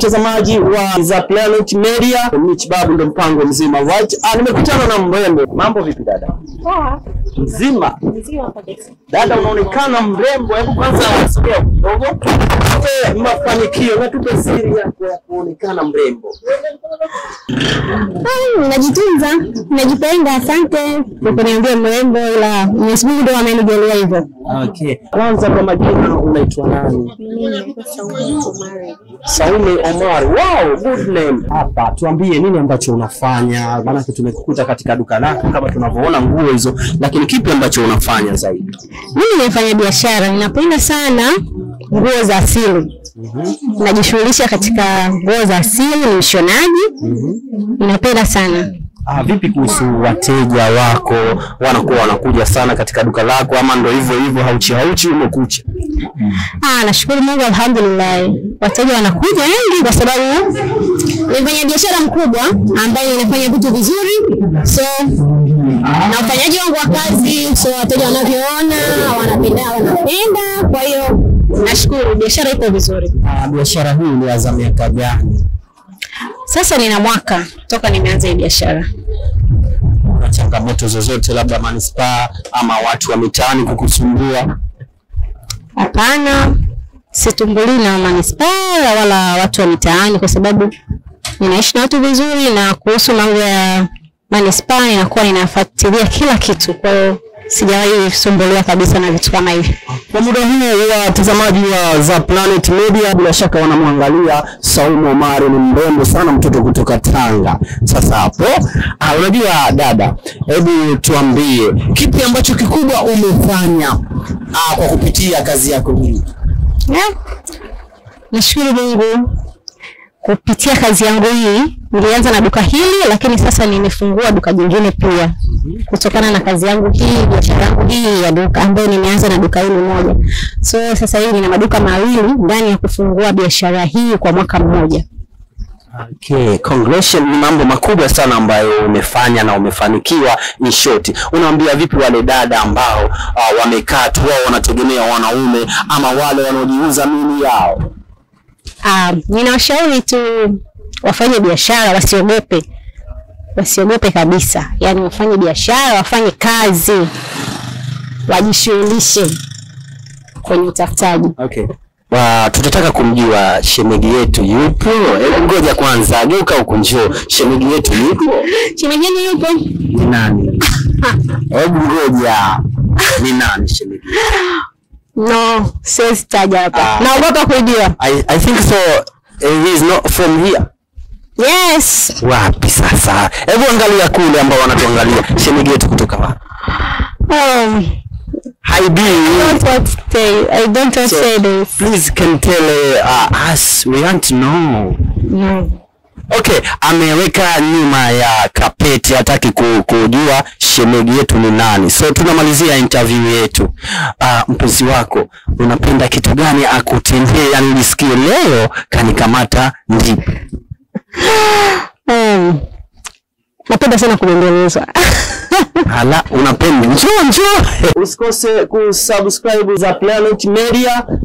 mtazamaji wa za Planet Media, Mich Babu ndo mpango mzima right. Ah, nimekutana na mrembo. Mambo vipi dada? Poa. Mzima. Mzima kabisa. Dada unaonekana mrembo, hebu kwanza sogea kidogo, tupe mafanikio na tupe siri yako ya kuonekana mrembo. Najitunza, najipenda, asante kwa kuniambia mrembo, ila Mwenyezi Mungu ndo amenijalia hivyo. Okay. Kwanza kwa majina unaitwa nani? Saume Omar. Wow, good name. Hapa tuambie nini ambacho unafanya, maanake tumekukuta katika duka lako kama tunavyoona nguo hizo, lakini kipi ambacho unafanya zaidi? Mimi nafanya biashara, ninapenda sana nguo za asili. Mhm. Najishughulisha katika nguo za asili, ni mshonaji. Mhm. Ninapenda sana Ah, vipi kuhusu wateja wako wanakuwa wanakuja sana katika duka lako ama ndo hivyo hivyo hauchi hauchi umekucha? Ah, nashukuru Mungu alhamdulillah. Wateja wanakuja wengi kwa sababu ni biashara mkubwa ambayo inafanya vitu vizuri. So na ufanyaji wangu wa kazi, so wateja wanavyoona wanapenda wanapenda. Kwa hiyo nashukuru biashara iko vizuri. Ah, biashara hii ilianza miaka gani? Sasa nina mwaka toka nimeanza hii biashara. Kuna changamoto zozote, labda manispaa ama watu wa mitaani kukusumbua? Hapana, situmbulii na manispaa wala watu wa mitaani, kwa sababu ninaishi na watu vizuri, na kuhusu mambo ya manispaa ninakuwa ninafuatilia kila kitu, kwa hiyo sijawahi sumbuliwa kabisa na vitu kama hivi. Kwa muda huu watazamaji wa za Planet Media bila shaka wanamwangalia Saumu Omari, ni mrembo sana mtoto kutoka Tanga. Sasa hapo ah, unajua dada, hebu tuambie kipi ambacho kikubwa umefanya ah, kwa kupitia kazi yako hii? Yeah. Nashukuru Mungu kupitia kazi yangu hii nilianza na duka hili lakini sasa nimefungua duka jingine pia kutokana na kazi yangu hii, biashara yangu hii ya duka ambayo nimeanza na duka hili moja. So sasa hivi nina maduka mawili ndani ya kufungua biashara hii kwa mwaka mmoja. Okay, congratulations ni mambo makubwa sana ambayo umefanya na umefanikiwa. In short, unaambia vipi wale dada ambao uh, wamekaa tu wao wanategemea wanaume ama wale wanaojiuza mili yao? Um, ninawashauri tu wafanye biashara, wasiogope, wasiogope kabisa. Yani wafanye biashara, wafanye kazi, wajishughulishe kwenye utafutaji. Okay. Wa, tutataka kumjua shemeji yetu yupo. Hebu ngoja kwanza, geuka huko, njoo. Shemeji yetu yupo? shemeji yenu yupo? Ni nani? Hebu ngoja, ni nani shemeji? No, siwezi taja hapa. Ah. Naogopa kujua. I, I think so. Eh, he is not from here. Yes. Wapi sasa? Hebu angalia kule ambao wanatuangalia. Shemeji yetu kutoka wapi? Um, Hi B. I don't want to say. I don't want to say this. Please can tell uh, us. We want to know. No. Okay, ameweka nyuma ya kapeti, hataki kujua shemeji yetu ni nani. So tunamalizia interview yetu. Uh, mpenzi wako unapenda kitu gani akutendee, yani nisikie leo kanikamata ndipo sana kubembelezwa. Hala, unapenda njoo njoo, usikose kusubscribe za Planet Media